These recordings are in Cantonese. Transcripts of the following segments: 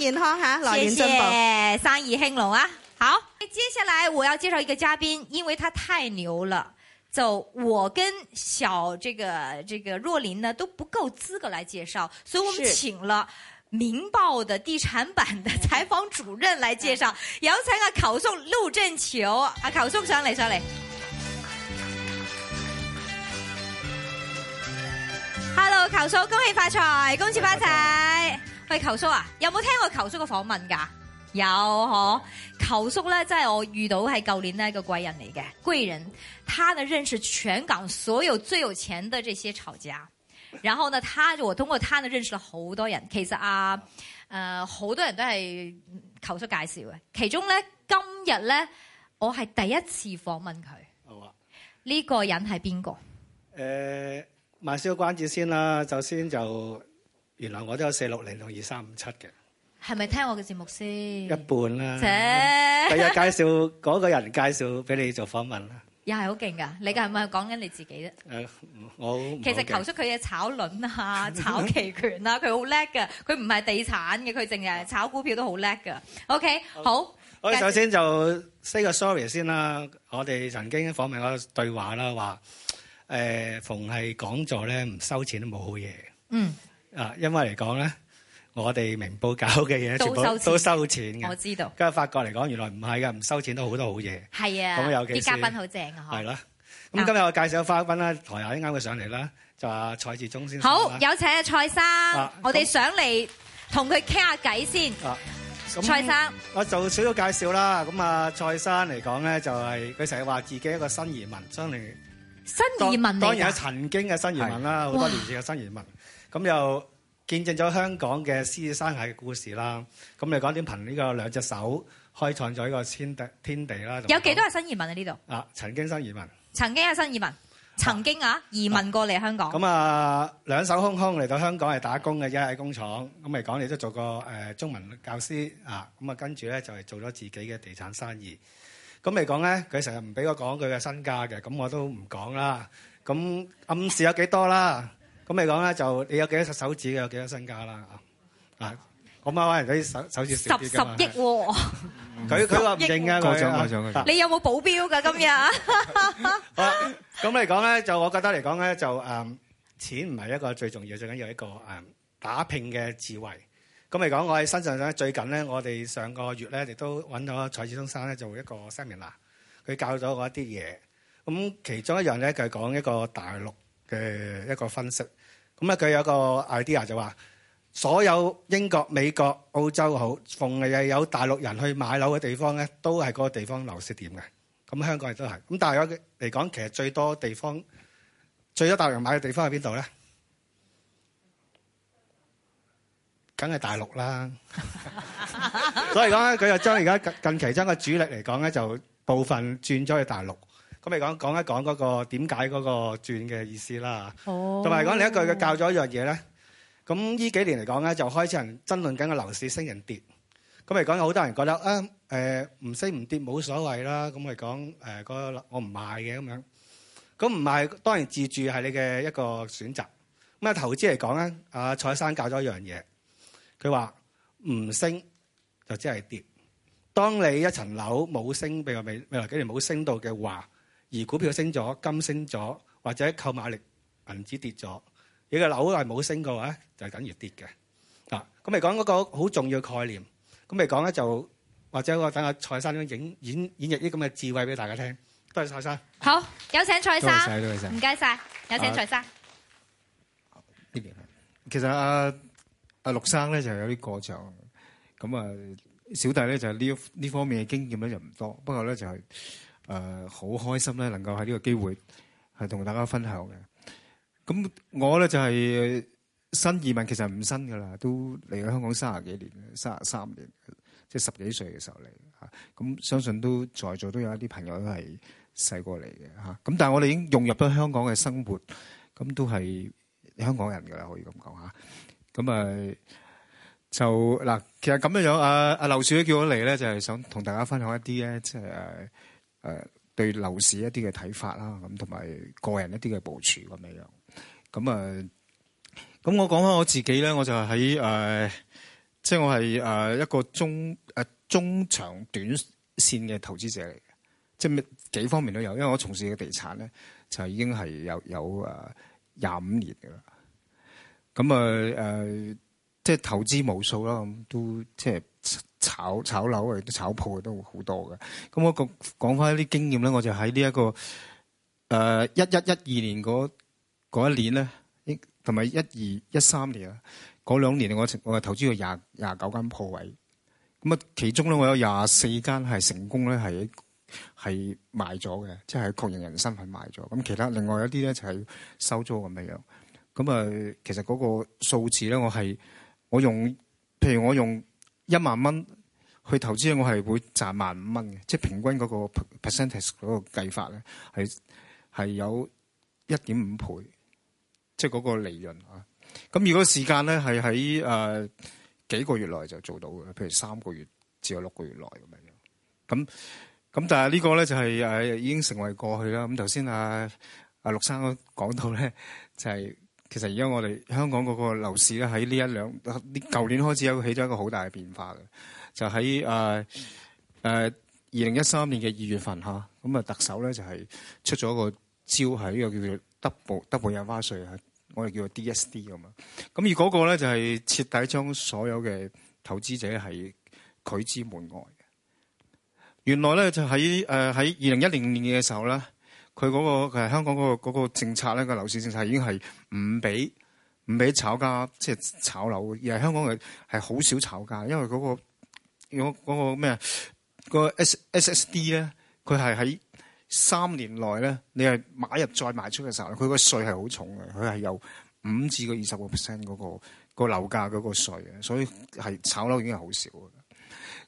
健康哈，老謝生意興隆啊！好，接下來我要介紹一個嘉賓，因為他太牛了，走，我跟小這個這個若琳呢都不夠資格來介紹，所以我們請了《明報》的地產版的採訪主任來介紹。有請是啊，球叔陸振球啊，球叔上來上來。上來 Hello，球叔，恭喜發財，恭喜發財！喂，裘叔啊，有冇聽過求叔嘅訪問噶？有嗬，求叔咧，真係我遇到係舊年咧個貴人嚟嘅貴人。他呢認識全港所有最有錢的這些炒家，然後呢，他我通過他呢認識好多人，其實啊，誒、呃，好多人都係求叔介紹嘅。其中咧，今日咧，我係第一次訪問佢。好啊，呢個人係邊個？誒、呃，賣少關子先啦，首先就。原來我都有四六零同二三五七嘅，係咪聽我嘅節目先？一半啦，第日介紹嗰個人介紹俾你做訪問啦。又係好勁噶，你嘅係咪講緊你自己啫？誒，我其實求出佢嘅炒輪啊、炒期權啊，佢好叻㗎。佢唔係地產嘅，佢淨係炒股票都好叻㗎。OK，好。好，我哋首先就 say 個 sorry 先啦。我哋曾經訪問個對話啦，話誒逢係講座咧唔收錢都冇好嘢。嗯。啊，因為嚟講咧，我哋明報搞嘅嘢全部都收錢嘅。我知道。跟住發覺嚟講，原來唔係嘅，唔收錢都好多好嘢。係啊，咁尤其啲嘉賓好正啊，嗬。係啦。咁今日我介紹翻個嘉賓啦，台下啱佢上嚟啦，就阿蔡志忠先生啦。好，有請蔡生。我哋上嚟同佢傾下偈先。啊，蔡生。我做少少介紹啦。咁啊，蔡生嚟講咧，就係佢成日話自己一個新移民，真嚟。新移民嚟㗎。當然係曾經嘅新移民啦，好多年嘅新移民。咁又見證咗香港嘅獅子山下嘅故事啦。咁你講，點憑呢個兩隻手開創咗呢個天地天地啦？有幾多係新移民喺呢度？啊，曾經新移民，曾經係新移民，曾經啊移民過嚟香港。咁啊，兩手空空嚟到香港係打工嘅，依喺工廠。咁嚟講，你都做過誒中文教師啊。咁啊，跟住咧就係做咗自己嘅地產生意。咁嚟講咧，佢成日唔俾我講佢嘅身家嘅，咁我都唔講啦。咁暗示有幾多啦？咁嚟講咧，就你有幾多隻手指嘅，有幾多身家啦啊！啊，我媽話人哋手手指十十億喎！佢佢話唔認㗎，你有冇保鏢㗎？今日。好，咁嚟講咧，就我覺得嚟講咧，就誒錢唔係一個最重要、最緊要一個誒打拼嘅智慧。咁嚟講，我喺身上咧，最近咧，我哋上個月咧，亦都揾咗蔡志忠先生咧做一個 seminar，佢教咗我一啲嘢。咁其中一樣咧，就係講一個大陸嘅一個分析。咁佢有個 idea 就話，所有英國、美國、澳洲好，逢係有大陸人去買樓嘅地方咧，都係嗰個地方樓市點嘅。咁香港亦都係。咁但係我嚟講，其實最多地方、最多大陸人買嘅地方喺邊度咧？梗係大陸啦。 所以講咧，佢就將而家近期將個主力嚟講咧，就部分轉咗去大陸。咁咪講一講嗰個點解嗰個轉嘅意思啦，同埋講你一句，佢教咗一樣嘢咧。咁呢幾年嚟講咧，就開始人爭論緊個樓市升人跌。咁咪講有好多人覺得啊，誒唔升唔跌冇所謂啦。咁咪講誒我唔賣嘅咁樣。咁唔賣當然自住係你嘅一個選擇。咁啊投資嚟講咧，阿蔡生教咗一樣嘢，佢話唔升就只係跌。當你一層樓冇升，譬如未未來幾年冇升到嘅話。而股票升咗，金升咗，或者購買力銀紙跌咗，你個樓係冇升嘅話，就係等於跌嘅。啊，咁嚟講嗰個好重要概念，咁嚟講咧就或者我等下蔡生影演演繹啲咁嘅智慧俾大家聽。多謝蔡生。好，有請蔡生。多謝多謝唔該曬，有請蔡生。呢邊，其實阿阿陸生咧就係有啲過獎，咁啊小弟咧就呢呢方面嘅經驗咧就唔多，不過咧就係。誒好開心咧，能夠喺呢個機會係同大家分享嘅。咁我咧就係新移民，其實唔新噶啦，都嚟咗香港三十幾年，三十三年，即係十幾歲嘅時候嚟嚇。咁相信都在座都有一啲朋友都係細過嚟嘅嚇。咁但係我哋已經融入咗香港嘅生活，咁都係香港人噶啦，可以咁講嚇。咁誒就嗱，其實咁樣樣，阿阿劉小姐叫我嚟咧，就係想同大家分享一啲咧，即係。誒、呃、對樓市一啲嘅睇法啦，咁同埋個人一啲嘅部署咁樣樣，咁啊，咁、呃、我講翻我自己咧，我就喺誒、呃，即係我係誒、呃、一個中誒、呃、中長短線嘅投資者嚟嘅，即係咩幾方面都有，因為我從事嘅地產咧就已經係有有誒廿五年噶啦，咁啊誒，即係投資無數啦，咁都即係。炒炒樓啊，都炒鋪啊，都好多嘅。咁我講講翻一啲經驗咧，我就喺呢一個誒一一一二年嗰一年咧，同埋一二一三年啊，嗰兩年我我係投資咗廿廿九間鋪位。咁啊，其中咧我有廿四間係成功咧，係係賣咗嘅，即係確認人身份賣咗。咁其他另外一啲咧就係收租咁嘅樣。咁啊，其實嗰個數字咧，我係我用，譬如我用。一萬蚊去投資，我係會賺萬五蚊嘅，即係平均嗰、嗰個 percentage 計法咧，係係有一點五倍，即係嗰個利潤啊！咁如果時間咧係喺誒幾個月內就做到嘅，譬如三個月至到六個月內咁樣。咁咁但係呢個咧就係、是、誒、啊、已經成為過去啦。咁頭、啊啊、先阿阿陸生講到咧就係、是。其實而家我哋香港嗰個樓市咧，喺呢一兩啲舊年開始有起咗一個好大嘅變化嘅，就喺誒誒二零一三年嘅二月份嚇，咁啊特首咧就係出咗個招，係呢個叫做 double double 印花稅啊，我哋叫做 DSD 咁啊。咁而嗰個咧就係徹底將所有嘅投資者係拒之門外嘅。原來咧就喺誒喺二零一零年嘅時候咧。佢嗰、嗰個佢係香港嗰、嗰個政策咧，嗰個樓市政策已經係唔俾唔俾炒家即係、即係、炒樓而係香港係係好少炒家，因為嗰、嗰個咩、嗰個、嗰個嗰個、S S D 咧，佢係喺三年內咧，你係買入再賣出嘅時候，佢、嗰個稅係好重嘅，佢係有五至個二十個 percent 嗰個個樓價嗰個稅嘅，所以係炒樓已經係好少嘅。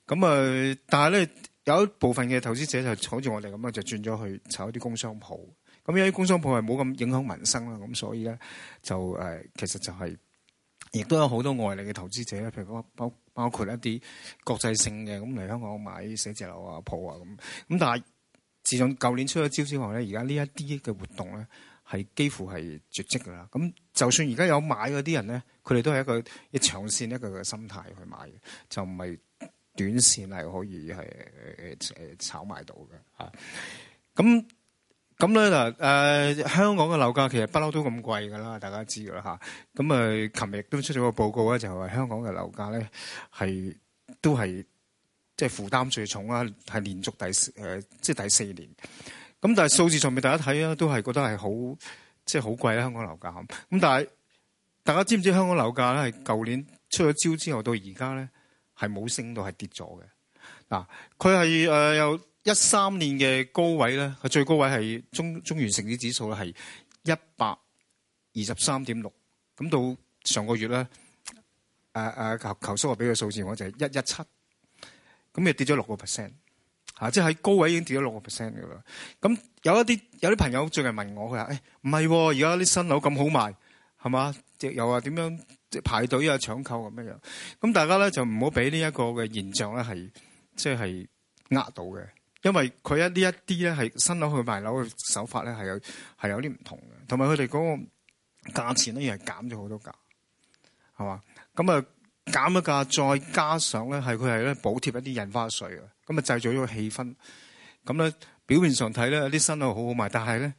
咁啊，但係咧。有一部分嘅投資者就好似我哋咁樣，就轉咗去炒啲工商鋪。咁有啲工商鋪係冇咁影響民生啦，咁所以咧就誒，其實就係、是、亦都有好多外嚟嘅投資者，譬如包包括一啲國際性嘅咁嚟香港買寫字樓啊、鋪啊咁。咁但係自從舊年出咗招之後咧，而家呢一啲嘅活動咧係幾乎係絕跡㗎啦。咁就算而家有買嗰啲人咧，佢哋都係一個一長線一個嘅心態去買，就唔係。短線係可以係誒誒炒賣到嘅嚇，咁咁咧嗱，誒，香港嘅樓價其實不嬲都咁貴㗎啦，大家知㗎啦嚇。咁誒，琴日都出咗個報告咧，就係話香港嘅樓價咧係都係即係負擔最重啊，係連續第四誒，即係第四年。咁但係數字上面大家睇啊，都係覺得係好即係好貴啦，香港樓價。咁但係大家知唔知香港樓價咧係舊年出咗招之後到而家咧？係冇升到，係跌咗嘅。嗱，佢係誒由一三年嘅高位咧，佢最高位係中中原城市指數咧，係一百二十三點六。咁到上個月咧，誒、呃、誒、呃、求求叔話，俾個數字我就係一一七。咁又跌咗六個 percent，嚇！即係喺高位已經跌咗六個 percent 嘅啦。咁有一啲有啲朋友最近問我，佢話誒唔係，而家啲新樓咁好賣，係嘛？又話點樣？即係排隊啊、搶購咁樣，咁大家咧就唔好俾呢一個嘅現象咧係即係呃到嘅，因為佢一呢一啲咧係新樓去賣樓嘅手法咧係有係有啲唔同嘅，同埋佢哋嗰個價錢咧亦係減咗好多價，係嘛？咁啊減咗價，再加上咧係佢係咧補貼一啲印花稅嘅，咁啊製造咗個氣氛。咁咧表面上睇咧啲新樓好好賣，但係咧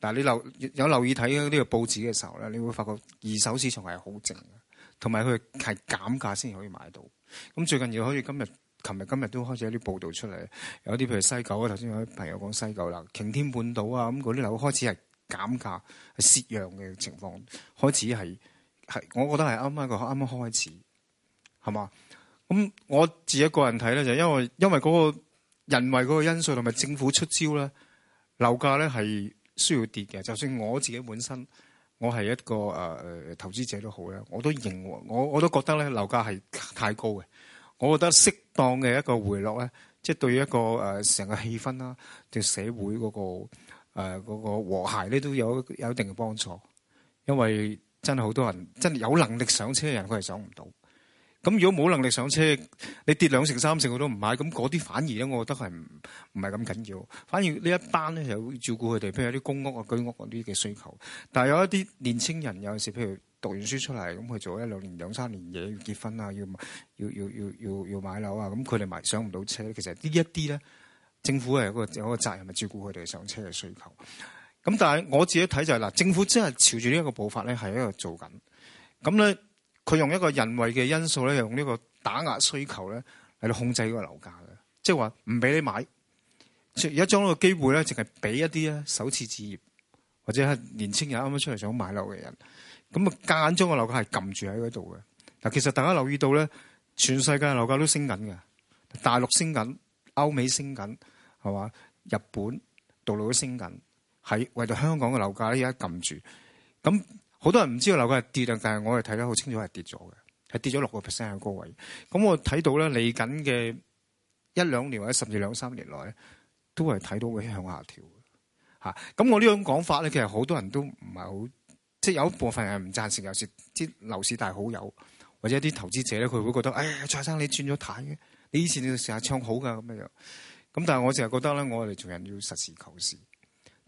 但係你留有留意睇呢個報紙嘅時候咧，你會發覺二手市場係好靜的。同埋佢係減價先至可以買到。咁最近又可以今日，琴日，今日都開始有啲報導出嚟，有啲譬如西九啊，頭先有啲朋友講西九啦，擎天半島啊，咁嗰啲樓開始係減價，蝕讓嘅情況，開始係係，我覺得係啱啱個啱啱開始，係嘛？咁我自己個人睇咧，就因為因為嗰個人為嗰個因素同埋政府出招咧，樓價咧係需要跌嘅。就算我自己本身，我係一個誒誒投資者都好咧，我都認我我都覺得咧樓價係太高嘅，我覺得適當嘅一個回落咧，即係對於一個誒成個氣氛啦，對社會嗰個誒嗰個和諧咧都有有一定嘅幫助，因為真係好多人真係有能力上車嘅人佢係上唔到。咁如果冇能力上車，你跌兩成三成我都唔買，咁嗰啲反而咧，我覺得係唔唔係咁緊要。反而呢一班咧有照顧佢哋，譬如有啲公屋啊、居屋嗰啲嘅需求。但係有一啲年輕人有時，譬如讀完書出嚟，咁佢做一兩年、兩三年嘢，要結婚啊，要要要要要要買樓啊，咁佢哋買上唔到車。其實呢一啲咧，政府係一個有個責任，咪照顧佢哋上車嘅需求。咁但係我自己睇就係、是、嗱，政府真係朝住呢一個步伐咧，係喺度做緊。咁咧。佢用一個人為嘅因素咧，用呢個打壓需求咧嚟到控制嗰個樓價嘅，即係話唔俾你買，而家將呢個機會咧，淨係俾一啲啊首次置業或者係年青人啱啱出嚟想買樓嘅人，咁啊間硬將個樓價係撳住喺嗰度嘅。嗱，其實大家留意到咧，全世界的樓價都升緊嘅，大陸升緊，歐美升緊，係嘛？日本、道路都升緊，係為咗香港嘅樓價咧，而家撳住咁。好多人唔知道樓價係跌啊，但係我係睇得好清楚係跌咗嘅，係跌咗六個 percent 喺高位。咁我睇到咧，嚟緊嘅一兩年或者甚至兩三年內咧，都係睇到會向下調嘅。咁、啊、我這種呢種講法咧，其實好多人都唔係好，即、就、係、是、有一部分人唔贊成，有時啲樓市大好友或者啲投資者咧，佢會覺得，哎，蔡生你轉咗軚嘅，你以前你成日唱好噶咁樣。咁但係我淨係覺得咧，我哋做人要實事求是，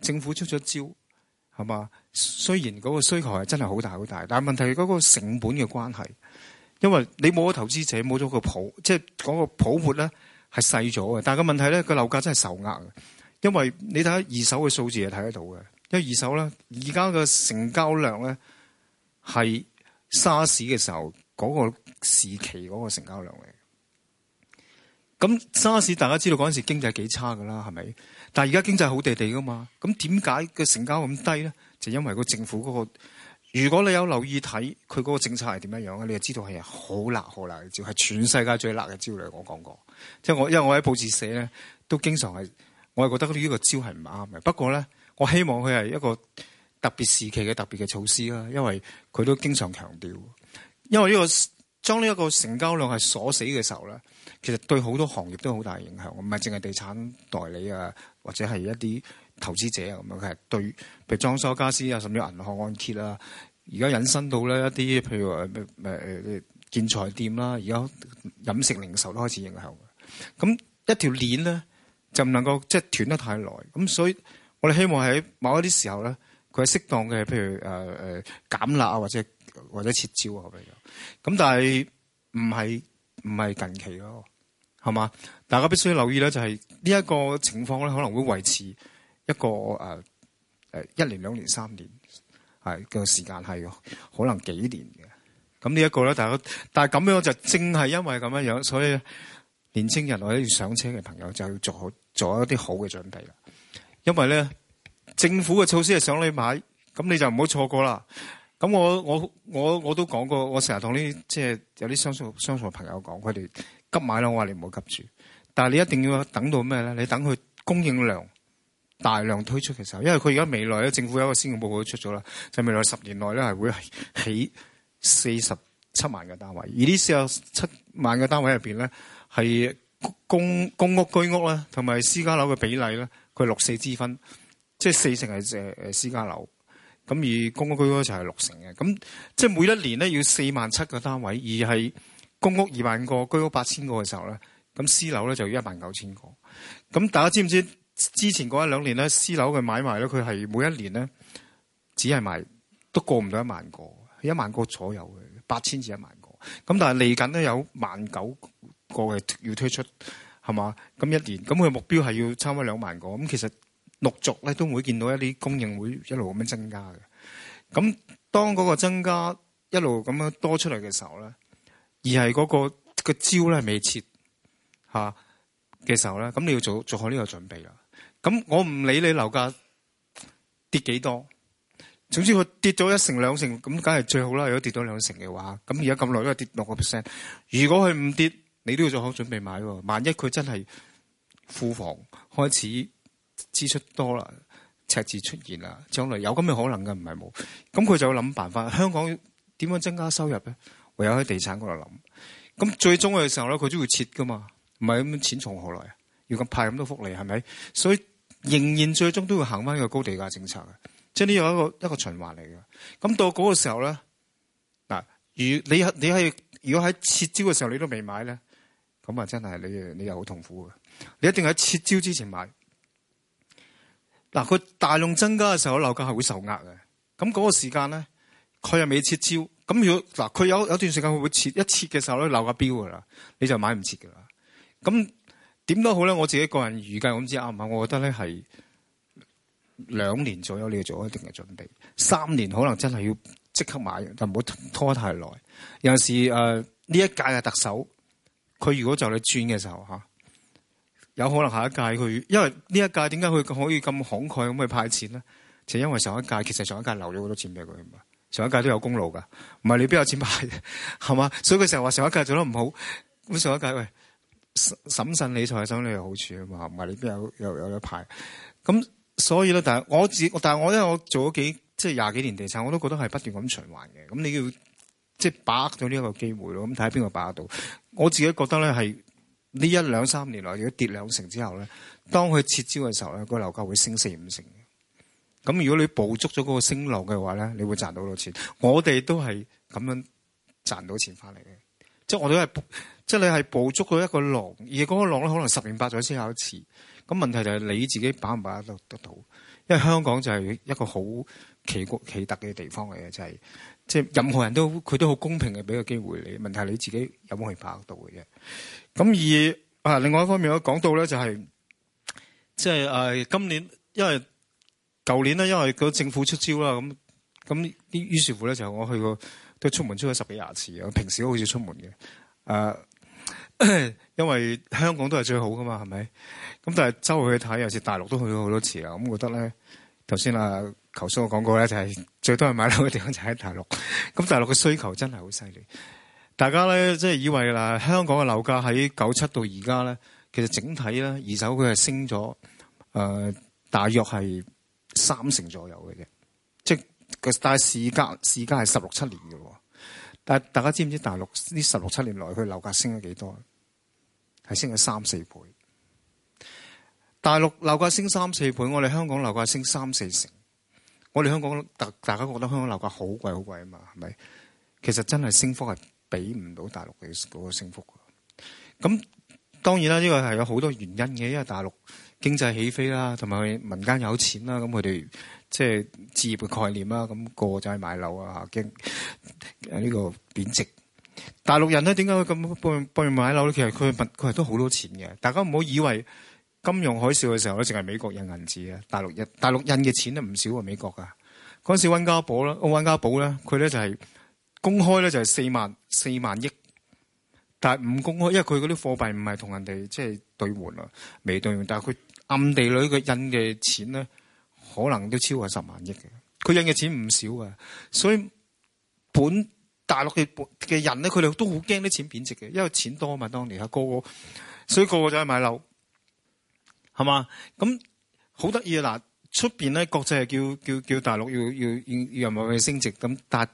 政府出咗招係嘛？是吧。雖然嗰個需求係真係好大好大，但係問題係嗰個成本嘅關係，因為你冇咗投資者，冇咗個譜，即係嗰個泡沫咧係細咗嘅。但係個問題咧，個樓價真係受壓嘅，因為你睇下二手嘅數字係睇得到嘅，因為二手咧而家嘅成交量咧係沙士嘅時候嗰、嗰個時期嗰個成交量嚟。咁沙士大家知道嗰陣時候經濟幾差噶啦，係咪？但係而家經濟好地地噶嘛？咁點解個成交咁低咧？因為個政府嗰個，如果你有留意睇佢嗰個政策係點樣樣咧，你就知道係好辣好辣嘅招，係全世界最辣嘅招嚟。我講過，即係我因為我喺報紙寫咧，都經常係我係覺得呢個招係唔啱嘅。不過咧，我希望佢係一個特別時期嘅特別嘅措施啦，因為佢都經常強調。因為呢個將呢一個成交量係鎖死嘅時候咧，其實對好多行業都好大影響，唔係淨係地產代理啊，或者係一啲。投資者啊，咁啊，佢係對譬如裝修家私啊，甚至銀行按揭啦，而家引申到咧一啲，譬如誒誒建材店啦，而家飲食零售都開始影響咁一條鏈咧，就唔能夠即係斷得太耐，咁所以我哋希望喺某一啲時候咧，佢係適當嘅，譬如誒誒、呃、減辣啊，或者或者撤招啊，咁但係唔係唔係近期咯，係嘛？大家必須留意咧、就是，就係呢一個情況咧可能會維持，一個誒、呃、一年、兩年、三年係嘅時間，係可能幾年嘅咁呢一個咧。但係但係咁樣就正係因為咁樣，所以年青人或者要上車嘅朋友就要做好做一啲好嘅準備啦。因為咧政府嘅措施係想你買，咁你就唔好錯過啦。咁我我我我都講過，我成日同啲即係有啲相熟相熟嘅朋友講，佢哋急買啦，我話你唔好急住，但係你一定要等到咩咧？你等佢供應量，大量推出嘅時候，因為佢而家未來咧，政府有一個施政報告都出咗啦，就未來十年內咧係會起四十七萬嘅單位。而呢四十七萬嘅單位入邊咧，係公公屋居屋咧，同埋私家樓嘅比例咧，佢係六四之分，即係四成係誒私家樓，咁而公屋居屋就係六成嘅。咁即係每一年咧要四萬七個單位，而係公屋二萬個，居屋八千個嘅時候咧，咁私樓咧就要一萬九千個。咁大家知唔知？之前嗰一兩年咧，私樓嘅買賣咧，佢係每一年咧，只係賣都過唔到一萬個，一萬個左右嘅，八千至一萬個。咁但係嚟緊咧有萬九個嘅要推出，係嘛？咁一年，咁佢目標係要差唔多兩萬個。咁其實陸續咧都會見到一啲供應會一路咁樣增加嘅。咁當嗰個增加一路咁樣多出嚟嘅時候咧，而係嗰、嗰個、嗰個招咧未撤下嘅時候咧，咁你要做做好呢個準備啦。咁我唔理你樓價跌幾多，總之佢跌咗一成兩成，咁梗係最好啦。如果跌到兩成嘅話，咁而家咁耐都係跌六個 percent。如果佢唔跌，你都要做好準備買喎。萬一佢真係庫房開始支出多啦、赤字出現啦，將來有咁嘅可能嘅唔係冇。咁佢就會諗辦法。香港點樣增加收入咧？唯有喺地產嗰度諗。咁最終嘅時候咧，佢都會撤噶嘛。唔係咁錢從何來啊？要咁派咁多福利係咪？所以。仍然最終都會行翻呢個高地價政策嘅，即係呢有一個一個循環嚟嘅。咁到嗰個時候咧，嗱，如果你係你係如果喺撤招嘅時候你都未買咧，咁啊真係你你又好痛苦嘅。你一定喺撤招之前買。嗱，佢大量增加嘅時候，樓價係會受壓嘅。咁嗰個時間咧，佢又未撤招。咁如果嗱，佢有有段時間佢會，會撤，一撤嘅時候咧，樓價飆㗎啦，你就買唔切㗎啦。咁點都好咧，我自己個人預計，我唔知啱唔啱。我覺得咧係兩年左右你要做一定嘅準備，三年可能真係要即刻買，就唔好拖太耐。有陣時誒呢一屆嘅特首，佢如果就你轉嘅時候吓、啊，有可能下一屆佢因為呢一屆點解佢可以咁慷慨咁去派錢咧？就因為上一屆其實上一屆留咗好多錢俾佢嘛，上一屆都有功勞噶，唔係你邊有錢派係嘛？所以佢成日話上一屆做得唔好，咁上一屆喂。審慎理財，相對有好處啊嘛，唔係你邊有有有得派。咁所以咧，但係我自，但係我因為我做咗幾即係廿幾年地產，我都覺得係不斷咁循環嘅。咁你要即係、就是、把握到呢一個機會咯。咁睇下邊個把握到。我自己覺得咧係呢一兩三年來，如果跌兩成之後咧，當佢撤招嘅時候咧，個樓價會升四五成。咁如果你捕捉咗嗰個升浪嘅話咧，你會賺到好多錢。我哋都係咁樣賺到錢翻嚟嘅，即係我都係。即係你係捕捉到一個浪，而嗰個浪咧可能十年八載先考一次。咁問題就係你自己能不能把握唔把握得得到？因為香港就係一個好奇異、奇特嘅地方嚟嘅，就係、是、即係任何人都佢都好公平嘅俾個機會你。問題係你自己有冇去把握到嘅啫。咁而啊，另外一方面我講到咧就係即係誒今年，因為舊年咧因為個政府出招啦，咁咁於是乎咧就我去過都出門出咗十幾廿次啊，我平時都好少出門嘅啊。呃 因為香港都係最好噶嘛，係咪？咁但係周圍去睇，有時大陸都去咗好多次啦。咁覺得咧，頭先啊求叔講過咧，就係、是、最多人買樓嘅地方就喺大陸。咁 大陸嘅需求真係好犀利。大家咧即係以為嗱，香港嘅樓價喺九七到而家咧，其實整體咧二手佢係升咗誒、呃、大約係三成左右嘅啫。即係但係時間時間係十六七年嘅喎。但大家知唔知大陸呢十六七年來佢樓價升咗幾多？係升咗三四倍。大陸樓價升三四倍，我哋香港樓價升三四成。我哋香港大大家覺得香港樓價好貴好貴啊嘛，係咪？其實真係升幅係比唔到大陸嘅嗰個升幅。咁當然啦，呢個係有好多原因嘅，因為大陸經濟起飛啦，同埋佢民間有錢啦，咁佢哋。即係置業嘅概念啦，咁就係買樓啊，驚、這、呢個貶值。大陸人咧點解會咁不願不願買樓咧？其實佢佢都好多錢嘅，大家唔好以為金融海嘯嘅時候咧，淨係美國印銀紙啊，大陸印大陸印嘅錢咧唔少過美國㗎。嗰陣時温家寶啦，温家寶咧佢咧就係、是、公開咧就係四萬四萬億，但係唔公開，因為佢嗰啲貨幣唔係同人哋即係兌換啊，未兌換，但係佢暗地裏嘅印嘅錢咧。可能都超過十萬億嘅，佢印嘅錢唔少啊，所以本大陸嘅嘅人咧，佢哋都好驚啲錢貶值嘅，因為錢多啊嘛，當年啊個個，所以個個就係買樓，係嘛？咁好得意啊！嗱，出邊咧，國際係叫叫叫大陸要要要人民幣升值，咁但係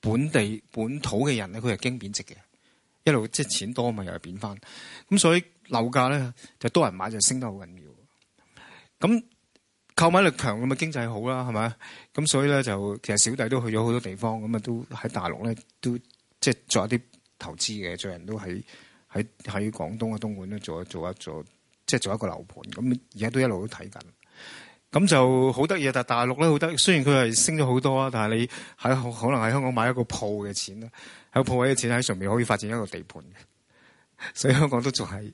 本地本土嘅人咧，佢係驚貶值嘅，一路即係錢多啊嘛，又係貶翻，咁所以樓價咧就多人買就升得好緊要嘅，咁。購買力強咁咪經濟好啦，係咪？咁所以咧就其實小弟都去咗好多地方，咁啊都喺大陸咧都即係做一啲投資嘅，最近都喺喺喺廣東啊東莞都做一做一做，做，做，即係做一個樓盤。咁而家都一路都睇緊。咁就好得意啊！但大陸咧好得意，雖然佢係升咗好多啊，但係你喺可能喺香港買一個鋪嘅錢咧，喺鋪位嘅錢喺上面可以發展一個地盤嘅，所以香港都仲係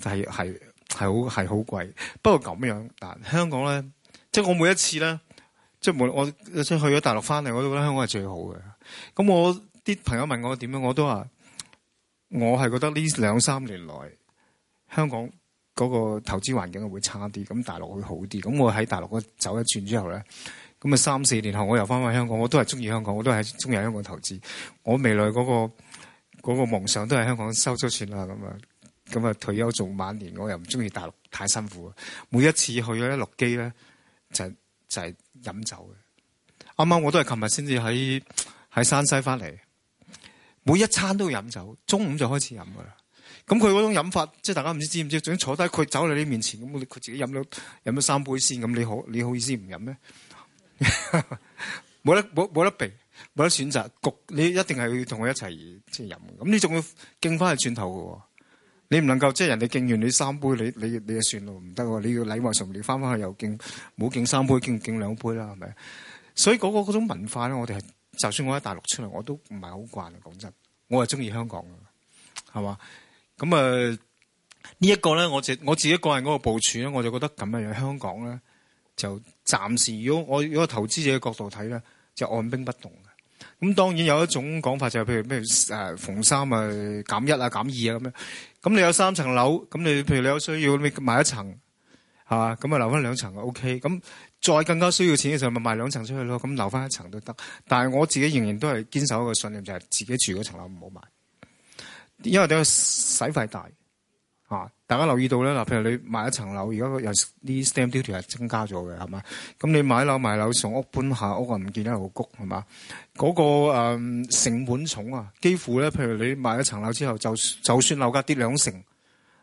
係係。係好係好貴，不過咁樣，但香港咧，即係我每一次咧，即係我即去咗大陸翻嚟，我都覺得香港係最好嘅。咁我啲朋友問我點樣，我都話我係覺得呢兩三年來香港嗰個投資環境會差啲，咁大陸會好啲。咁我喺大陸嗰度走一轉之後咧，咁啊三四年後我又翻返香港，我都係中意香港，我都係中意香港投資。我未來嗰個、嗰個、嗰個夢想都係香港收咗錢啦咁咁啊！退休做晚年，我又唔中意大陸太辛苦。每一次去咗一落機咧，就係、就係、係、飲酒嘅。啱啱我都係琴日先至喺喺山西翻嚟，每一餐都要飲酒，中午就開始飲噶啦。咁佢嗰種飲法，即係大家唔知知唔知，總之坐低佢走喺你面前，咁佢自己飲到飲咗三杯先，咁你好你好意思唔飲咩？冇 得冇冇得避，冇得選擇，焗，你一定係要同佢一齊即係飲。咁你仲要敬翻去轉頭嘅。你唔能夠即係人哋敬完你三杯，你你你就算咯，唔得喎，你要禮貌上你翻返去又敬冇敬三杯，敬敬兩杯啦，係咪？所以嗰個嗰種文化咧，我哋係就算我喺大陸出嚟，我都唔係好慣嘅，講真，我係中意香港嘅，係嘛？咁啊、呃呢個、呢一個咧，我自我自己個人嗰個部署咧，我就覺得咁樣樣，香港咧就暫時如果我如果投資者嘅角度睇咧，就按兵不動嘅。咁當然有一種講法就係譬如咩逢三啊，減一啊減二啊咁樣，咁你有三層樓，咁你譬如你有需要你賣一層係嘛？咁啊留翻兩層 O K，咁再更加需要錢嘅時候咪賣兩層出去咯，咁留翻一層都得。但係我自己仍然都係堅守一個信念，就係、是、自己住嗰層樓唔好賣，因為啲使費大。啊！大家留意到咧，嗱，譬如你買一層樓，而家有啲 stamp duty 係增加咗嘅，係嘛？咁你買樓賣樓，從屋搬下屋啊，唔見得有個谷，係嘛？嗰、嗰個誒、嗯、成本重啊，幾乎咧，譬如你買一層樓之後，就就算樓價跌兩成，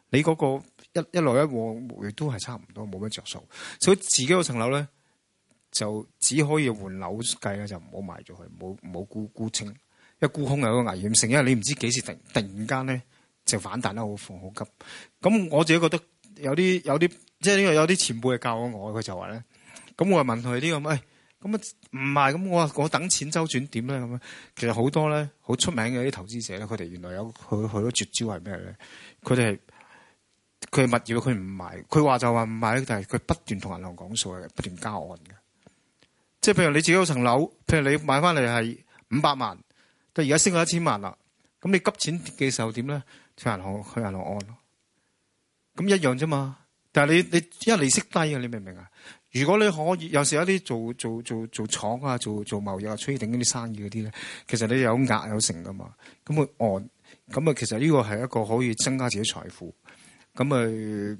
你嗰個一一來一往，亦都係差唔多，冇乜着數。所以自己嗰層樓咧，就只可以換樓計啦，就唔好賣咗佢，冇好沽沽清，因為沽空有一個危險性，因為你唔知幾時突突然間咧。就反彈得好好急，咁我自己覺得有啲有啲，即係呢個有啲前輩教我，佢就話咧，咁我就問佢呢咁，哎，咁啊唔買，咁我我等錢周轉點咧咁啊？其實好多咧，好出名嘅啲投資者咧，佢哋原來有佢佢都絕招係咩咧？佢哋係佢係物業，佢唔賣，佢話就話唔賣，但係佢不斷同銀行講數嘅，不斷加按嘅。即係譬如你自己嗰層樓，譬如你買翻嚟係五百萬，但而家升咗一千萬啦。咁你急錢嘅時候點咧？去銀行去銀行按咯，咁一樣啫嘛。但係你你，你因為利息低啊，你明唔明啊？如果你可以有時有啲做做做做廠啊，做做貿易啊、催訂啲生意嗰啲咧，其實你有額有成噶嘛。咁會按咁咪，其實呢個係一個可以增加自己財富。咁咪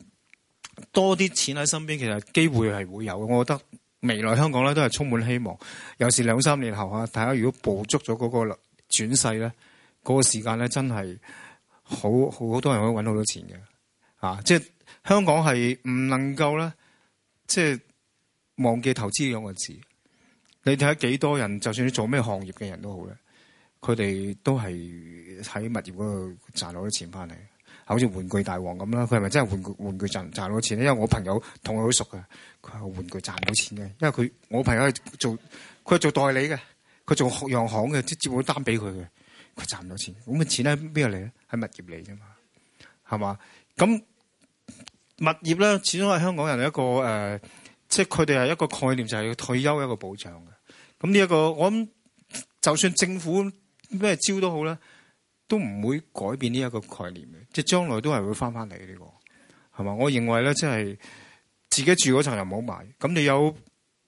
多啲錢喺身邊，其實機會係會有。我覺得未來香港咧都係充滿希望。有時兩三年後啊，大家如果捕捉咗嗰個轉勢咧。嗰個時間咧，真係好好好多人可以揾好多錢嘅，啊！即係香港係唔能夠咧，即係忘記投資兩個字。你睇幾多人，就算你做咩行業嘅人都好咧，佢哋都係喺物業嗰度賺到啲錢翻嚟。好似玩具大王咁啦，佢係咪真係玩具玩具賺賺到錢咧？因為我朋友同佢好熟嘅，佢係玩具賺到錢嘅。因為佢我朋友係做佢係做代理嘅，佢做洋行嘅，即接會單俾佢嘅。佢賺唔到錢，咁嘅錢咧邊個嚟咧？係物業嚟啫嘛，係嘛？咁物業咧，始終係香港人一個誒，即係佢哋係一個概念，就係退休一個保障嘅。咁呢一個，我諗就算政府咩招都好咧，都唔會改變呢一個概念嘅，即係將來都係會翻翻嚟呢個，係嘛？我認為咧，即係自己住嗰層就唔好買，咁你有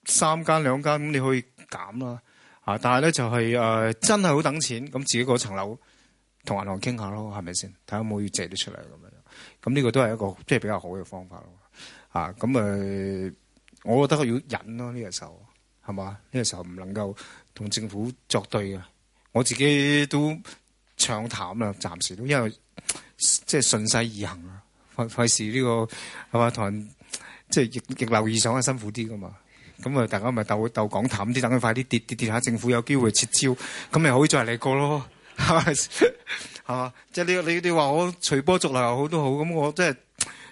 三間兩間，咁你可以減啦。啊！但係咧就係、是、誒、呃，真係好等錢，咁自己嗰層樓同銀行傾下咯，係咪先？睇下有冇要借得出嚟咁樣。咁呢個都係一個即係、就是、比較好嘅方法咯。啊，咁誒、呃，我覺得佢要忍咯、啊、呢、這個時候，係嘛？呢、這個時候唔能夠同政府作對嘅。我自己都暢談啦，暫時都，因為即係順勢而行啊，費費事呢個係嘛同人，即係逆逆流而上啊，辛苦啲噶嘛。咁啊，大家咪鬥鬥講淡啲，等佢快啲跌跌跌下，政府有機會撤招，咁咪可以再嚟過咯，係 嘛？係嘛？即係你你你話我隨波逐流又好都好，咁我真係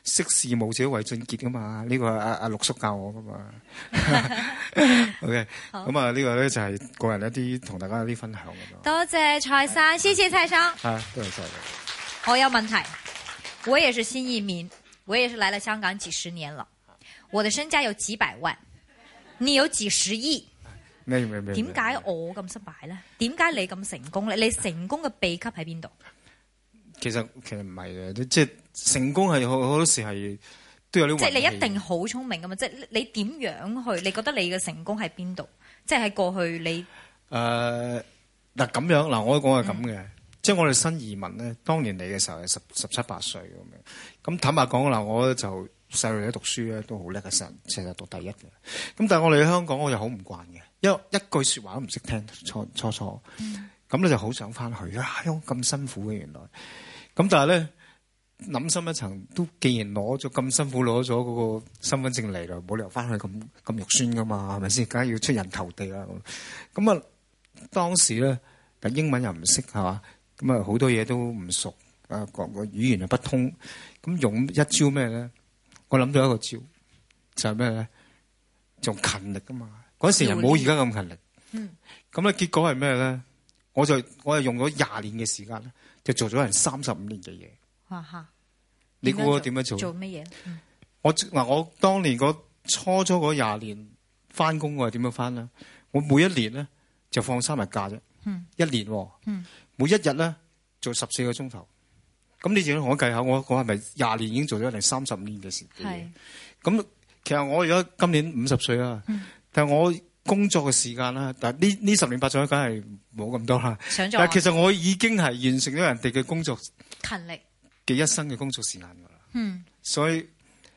識時務者為俊傑噶嘛？呢、這個阿阿、啊、陸叔教我噶嘛 ？OK 好。咁啊，呢、這個咧就係個人一啲同大家一啲分享嘛。多謝，謝蔡生，謝謝蔡生。係，多謝曬。我有問題。我也是新移民，我也是來咗香港幾十年啦，我的身家有幾百萬。你有幾十億，你明唔明？點解我咁失敗咧？點解你咁成功咧？你成功嘅秘笈喺邊度？其實其實唔係嘅，即係成功係好好多時係都有啲，即係你一定好聰明噶嘛？即係你點樣去？你覺得你嘅成功喺邊度？即係喺過去你誒嗱咁樣嗱，我講係咁嘅，嗯、即係我哋新移民咧，當年嚟嘅時候係十十七八歲咁樣，咁坦白講嗱，我就。細路仔讀書咧都好叻嘅，成日讀第一嘅。咁但係我嚟香港，我又好唔慣嘅，因為一句説話都唔識聽。初初初咁你、嗯、就好想翻去啊！咁辛苦嘅原來咁，但係咧諗深一層，都既然攞咗咁辛苦攞咗嗰個身份證嚟啦，冇理由翻去咁咁肉酸噶嘛，係咪先？梗係要出人頭地啦。咁啊，當時咧，但英文又唔識嚇，咁啊好多嘢都唔熟啊，各個語言又不通，咁用一招咩咧？我諗到一個招，就係咩咧？仲勤力吖嘛，嗰時人冇而家咁勤力。嗯。咁咧結果係咩咧？我就我係用咗廿年嘅時間咧，就做咗人三十五年嘅嘢。吓吓、啊哈。你估我點樣做？做乜嘢？什麼嗯、我嗱我當年嗰初初嗰廿年返工我係點樣返咧？我每一年咧就放三日假啫。嗯、一年、喎。嗯。每一日咧做十四個鐘頭。咁你自己同我計下，我我係咪廿年已經做咗嚟三十年嘅事？係是。咁其實我而家今年五十歲啦，嗯、但係我工作嘅時間啦，但係呢呢十年八載梗係冇咁多啦。想做但係其實我已經係完成咗人哋嘅工作勤力嘅一生嘅工作時間噶啦。嗯。所以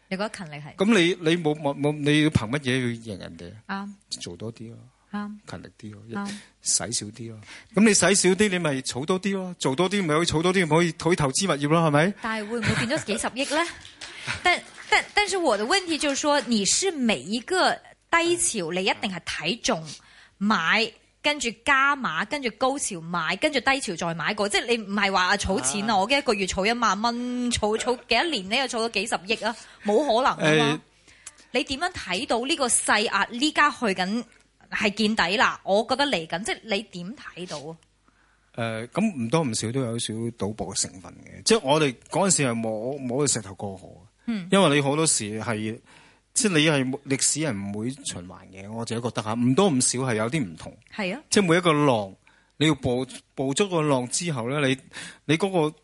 你覺得勤力係？咁你你冇冇冇？你要憑乜嘢去贏人哋？啱、嗯。做多啲咯。啱，uh, 勤力啲咯，使、uh. 少啲咯。咁你使少啲，你咪儲多啲咯，做多啲咪可以儲多啲，可以可以投資物業咯，係咪 ？但係會唔會變咗幾十億咧？但但但係我嘅問題就係說，你是每一個低潮你一定係睇中買，跟住加碼，跟住高潮買，跟住低潮再買過，即係你唔係話啊儲錢啊，uh. 我嘅一個月儲一萬蚊，儲儲幾多年呢？又儲到幾十億啊？冇可能嘛、uh. 你點樣睇到呢個勢壓？呢家去緊？係見底啦，我覺得嚟緊，即係你點睇到？誒，咁唔多唔少都有少少賭博嘅成分嘅，即係我哋嗰陣時係摸摸著石頭過河，嗯，因為你好多時係，即係你係歷史人唔會循環嘅，我自己覺得吓，唔多唔少係有啲唔同，係啊，即係每一個浪，你要捕捕捉個浪之後咧，你你嗰個，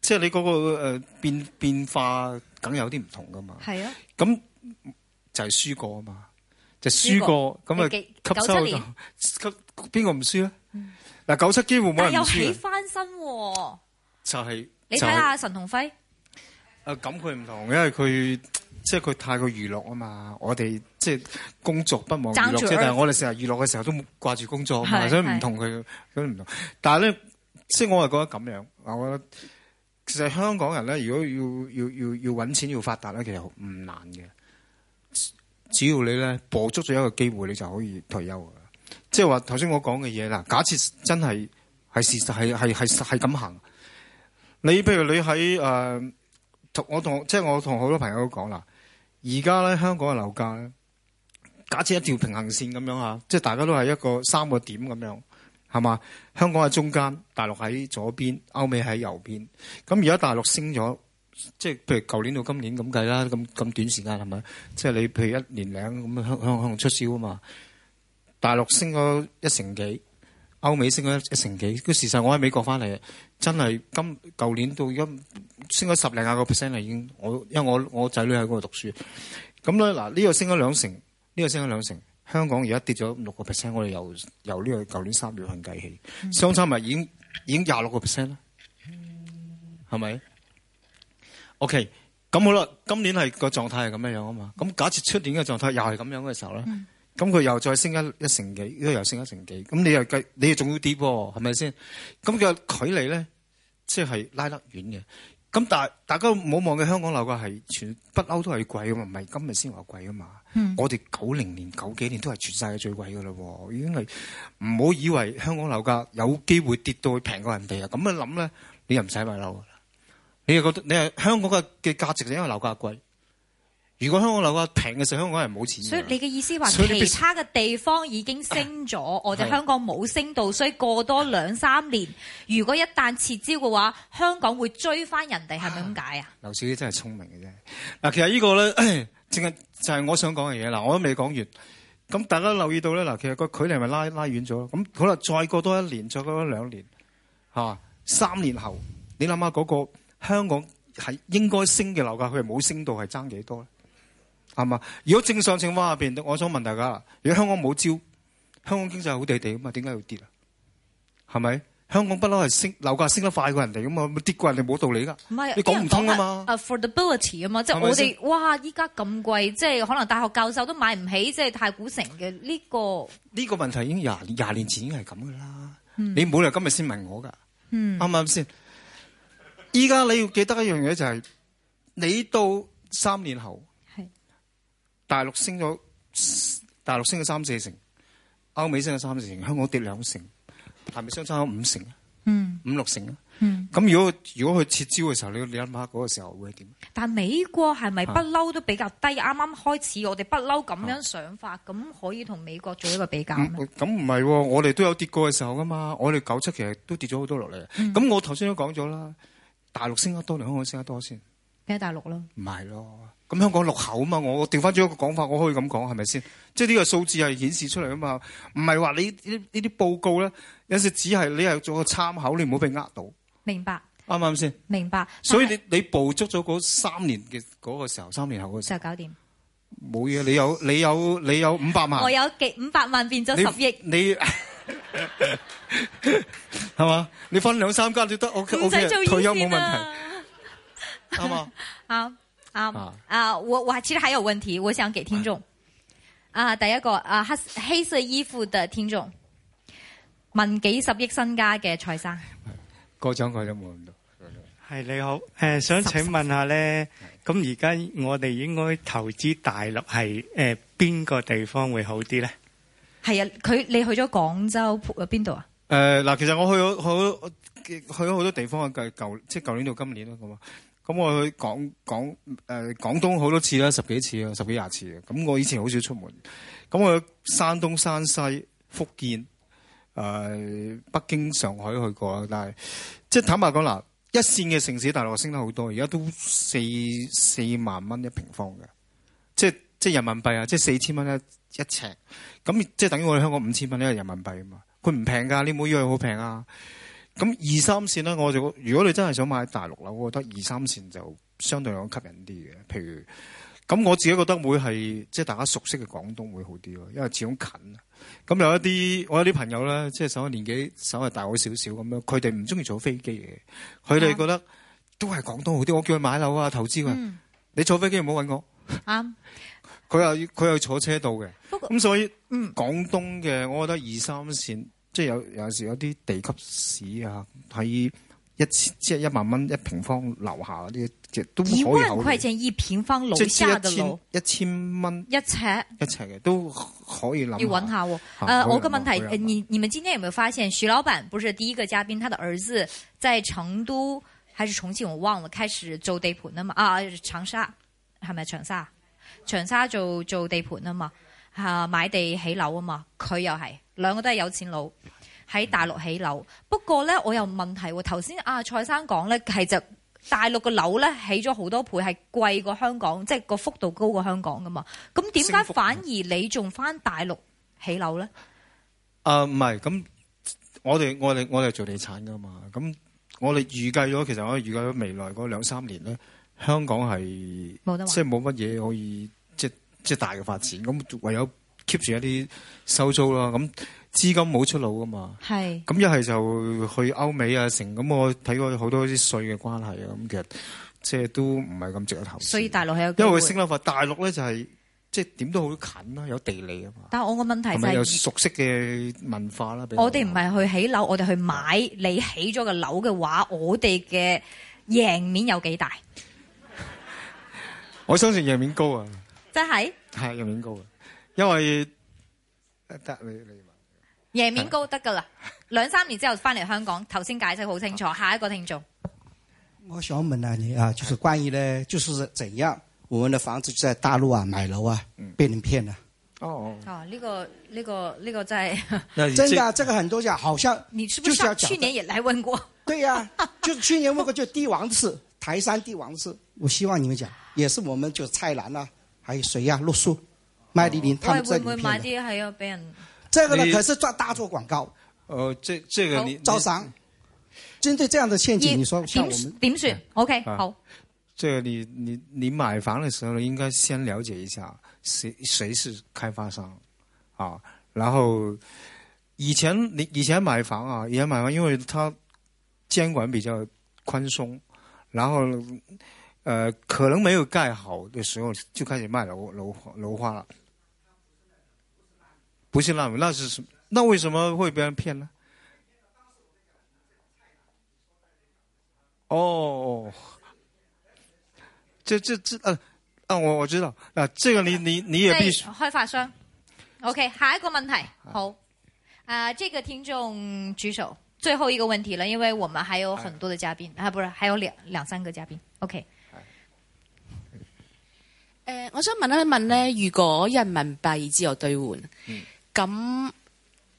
即係你嗰個誒變變化，梗有啲唔同噶嘛，係啊，咁就係輸過啊嘛。就輸過咁啊，吸收邊個唔輸咧？嗱，九七幾乎冇人輸。但又起翻身喎，就係你睇下陳同輝。誒，咁佢唔同，因為佢即係佢太過娛樂啊嘛。我哋即係工作不忘娛樂，即係我哋成日娛樂嘅時候都掛住工作，所以唔同佢嗰唔同。但係咧，即係我係覺得咁樣。我覺得其實香港人咧，如果要要要要揾錢要發達咧，其實唔難嘅。只要你咧捕捉咗一個機會，你就可以退休嘅啦。即係、就是、話頭先我講嘅嘢啦。假設真係係事實係係係係咁行，你譬如你喺同、呃、我同即係我同好多朋友都講啦。而家咧香港嘅樓價咧，假設一條平行線咁樣啊，即係大家都係一個三個點咁樣係嘛？香港喺中間，大陸喺左邊，歐美喺右邊。咁而家大陸升咗。即係譬如舊年到今年咁計啦，咁咁短時間係咪？即係你譬如一年兩咁樣向向向出招啊嘛！大陸升咗一成幾，歐美升咗一成幾。佢事實我喺美國翻嚟，真係今舊年到而家升咗十零廿個 percent 啦。已經我因為我我仔女喺嗰度讀書，咁咧嗱呢、這個升咗兩成，呢、這個升咗兩成，香港而家跌咗六個 percent。我哋由由呢個舊年三月份計起，相差咪已經已經廿六個 percent 啦？係咪？是。O K，咁好啦，今年係個狀態係咁樣樣啊嘛，咁假設出年嘅狀態又係咁樣嘅時候咧，咁佢又再升一一成幾，呢個又升一成幾，咁你又計，你又仲要跌喎，係咪先？咁嘅距離咧，即係拉得遠嘅。咁但係大家唔好忘記香港樓價係全不嬲都係貴啊嘛，唔係今日先話貴啊嘛。我哋九零年九幾年都係全世界最貴噶啦，已經係唔好以為香港樓價有機會跌到去平過人哋啊。咁一諗咧，你又唔使買樓。你又覺得你係香港嘅嘅價值就因為樓價貴？如果香港樓價平嘅時候，香港人冇錢。所以你嘅意思話，其他嘅地方已經升咗，我哋香港冇升到，啊、所以過多兩三年，啊、如果一旦撤招嘅話，香港會追翻人哋，係咪咁解啊？劉小姐真係聰明嘅啫。嗱，其實呢個呢個咧，淨係就係、是、我想講嘅嘢啦。我都未講完，咁大家留意到咧，嗱，其實個距離咪拉拉遠咗。咁好啦，再過多一年，再過多兩年，嚇、啊、三年後，你諗下嗰個。香港係應該升嘅樓價，佢係冇升到，係爭幾多咧？係嘛？如果正常情況下邊，我想問大家啦，如果香港冇招，香港經濟好地地咁啊，點解會跌啊？係咪？香港不嬲係升樓價升得快過人哋，咁咪跌過人哋冇道理噶？唔係，你講唔通啊嘛？affordability 啊嘛，即係我哋哇，依家咁貴，即係可能大學教授都買唔起，即係太古城嘅呢個呢個問題已經廿廿年前已經係咁噶啦。嗯、你冇理由今日先問我噶，啱唔啱先？是依家你要記得一樣嘢，就係、是、你到三年後，是大陸升咗大陸升咗三四成，歐美升咗三四成，香港跌兩成，係咪相差咗五成？嗯，五六成啊。咁、嗯、如果如果佢撤招嘅時候，你你諗下嗰個時候會係點？但係美國係咪不嬲都比較低？啱啱是開始，我哋不嬲咁樣想法，咁是可以同美國做一個比較咧？咁唔係，我哋都有跌過嘅時候噶嘛。我哋九七其實都跌咗好多落嚟。咁、嗯、我頭先都講咗啦。大陸升得多定香港升得多先？梗係大陸咯，唔係咯？咁香港落後啊嘛！我調翻咗一個講法，我可以咁講，係咪先？即係呢個數字係顯示出嚟啊嘛！唔係話你呢啲報告咧，有時只係你係做個參考，你唔好畀呃到。明白，啱唔啱先？明白。所以你你捕捉咗嗰三年嘅嗰個時候，三年後嘅時候就搞掂。冇嘢，你有你有你有五百萬。我有幾五百萬變咗十億。你。你 係嘛？你分兩三家，你都 O K O 退休冇問題，係嘛、啊？啱啱啊，啊，啊，啊，啊，我我其實還有問題，我想給聽眾啊，啊，第一個啊黑黑色衣服的聽眾，問幾十億身家嘅蔡生，過獎過獎冇咁多，係你好，誒、呃、想請問下咧，咁而家我哋應該投資大陸係誒邊個地方會好啲咧？係啊，佢你去咗廣州邊度啊？誒嗱、呃，其實我去咗好去咗好多地方啊！計舊即係舊年到今年咯，咁啊，咁我去廣廣誒廣東好多次啦，十幾次啊，十幾廿次啊。咁我以前好少出門，咁我去山東、山西、福建、誒、呃、北京、上海去過啊。但係即係坦白講啦，一線嘅城市大陸升得好多，而家都四四萬蚊一平方嘅，即係即係人民幣啊，即係四千蚊一一尺咁即係等於我哋香港五千蚊呢個人民幣啊嘛，佢唔平㗎，你唔好以為好平啊。咁二三線咧，我就如果你真係想買大陸樓，我覺得二三線就相對嚟講吸引啲嘅。譬如咁，我自己覺得會係即係大家熟悉嘅廣東會好啲咯，因為始終近啊。咁有一啲我有啲朋友咧，即係稍微年紀稍微大我少少咁樣，佢哋唔中意坐飛機嘅，佢哋覺得、嗯、都係廣東好啲。我叫佢買樓啊，投資啊，嗯、你坐飛機唔好揾我。啱、嗯。佢又要佢又坐車到嘅，咁過、嗯、所以嗯廣東嘅，我覺得二三線即係有有時有啲地級市啊，喺一千即係一萬蚊一平方樓下啲嘅都唔可以一萬塊錢一平方樓下的樓一千蚊一尺一尺起嘅都可以諗。你問下我，啊、我嘅問題，你你們今天有冇有發現徐老闆不是第一個嘉賓，他的兒子在成都還是重慶我忘了，開始做地盤，那麼啊，長沙係咪長沙？長沙做做地盤啊嘛，吓買地起樓啊嘛，佢又係兩個都係有錢佬喺大陸起樓。嗯、不過咧，我又問題喎。頭先啊，蔡生講咧係就大陸個樓咧起咗好多倍，係貴過香港，即係個幅度高過香港噶嘛。咁點解反而你仲返大陸起樓咧？啊，唔係、啊，咁我哋我哋我哋做地產噶嘛。咁我哋預計咗，其實我預計咗未來嗰兩三年咧，香港係冇得即係冇乜嘢可以。即即大嘅發展，咁唯有 keep 住一啲收租啦。咁資金冇出路啊嘛。係是。咁一係就去歐美啊成。咁我睇過好多啲稅嘅關係啊。咁其實即係都唔係咁值得投資。所以大陸係有機會。因為佢升得快，大陸咧就係、是、即係點都好近啦，有地理啊嘛。但係我個問題就係、有，有熟悉嘅文化啦。我哋唔係去起樓，我哋去買對你起咗個樓嘅話，我哋嘅贏面有幾大？ 我相信贏面高啊！真係係入面高嘅，啊、名因為得你你贏面高得噶啦，兩三年之後翻嚟香港，頭先 解釋好清楚。下一個聽眾，我想問啊你啊，就是關於咧，就是怎樣我們的房子在大陸啊買樓啊、嗯、被人騙啦？哦， 啊，呢個、呢個、呢個在，真的, 真的、啊、這個很多嘅，好像你是不是去年也來問過， 對啊就是去年問過就帝王寺台山帝王寺，我希望你們講，也是我們就蔡籃啊還有、哎、誰呀、啊？陸樹、麥麗玲，哦、他們在會不會買？的還要被人。這個呢，哎、可是賺大做廣告。呃，這這個你招商。針上你對這樣的陷阱，你說像你我們。點選。OK 好。這個你你你買房的時候呢，應該先了解一下誰誰是開發商，啊，然後以前你以前買房啊，以前買房，因為他監管比較寬鬆，然後。呃，可能沒有蓋好的時候就開始賣樓樓樓花了，不是爛尾，那是什麼？那為什麼會被人騙呢？哦，哦。這這這，呃，啊，我我知道，啊，這個你你你也必須開發商。OK，下一個問題，好，啊，這個聽眾舉手，最後一個問題了，因為我們還有很多的嘉賓、哎、啊，不是還有兩兩三個嘉賓，OK。誒、呃，我想問一問咧，嗯、如果人民幣自由兌換，咁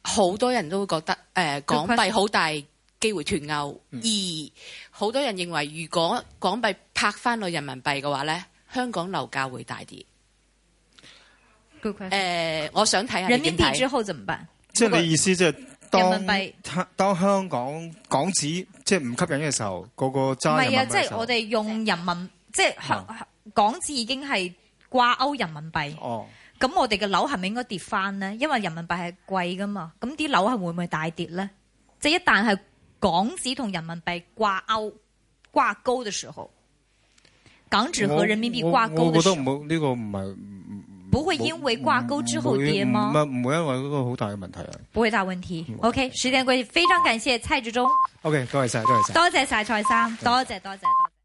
好、嗯、多人都會覺得誒、呃、港幣好大機會脫鈎，嗯、而好多人認為如果港幣拍翻落人民幣嘅話咧，香港樓價會大啲。誒、嗯呃，我想睇下人民幣之後怎麼辦。即係你意思即、就、係、是，人當，當香港港紙即係唔吸引嘅時候，個個揸人民幣。唔係啊，即係我哋用人民，是即係、啊啊港紙已經係掛鈎人民幣，咁、哦、我哋嘅樓係咪應該跌翻呢？因為人民幣係貴噶嘛，咁啲樓係會唔會大跌咧？即係一旦係港紙同人民幣掛鈎掛勾嘅時候，港紙和人民幣掛勾嘅時候掛高時候我，我都唔好呢個唔係唔會因為掛勾之後跌嗎？唔唔、嗯、會因為嗰個好大嘅問題啊！唔會大問題。問題 OK，時間關係，非常感謝蔡志忠。OK，多謝晒，多謝晒。多謝晒，蔡生，多謝多謝多。謝謝。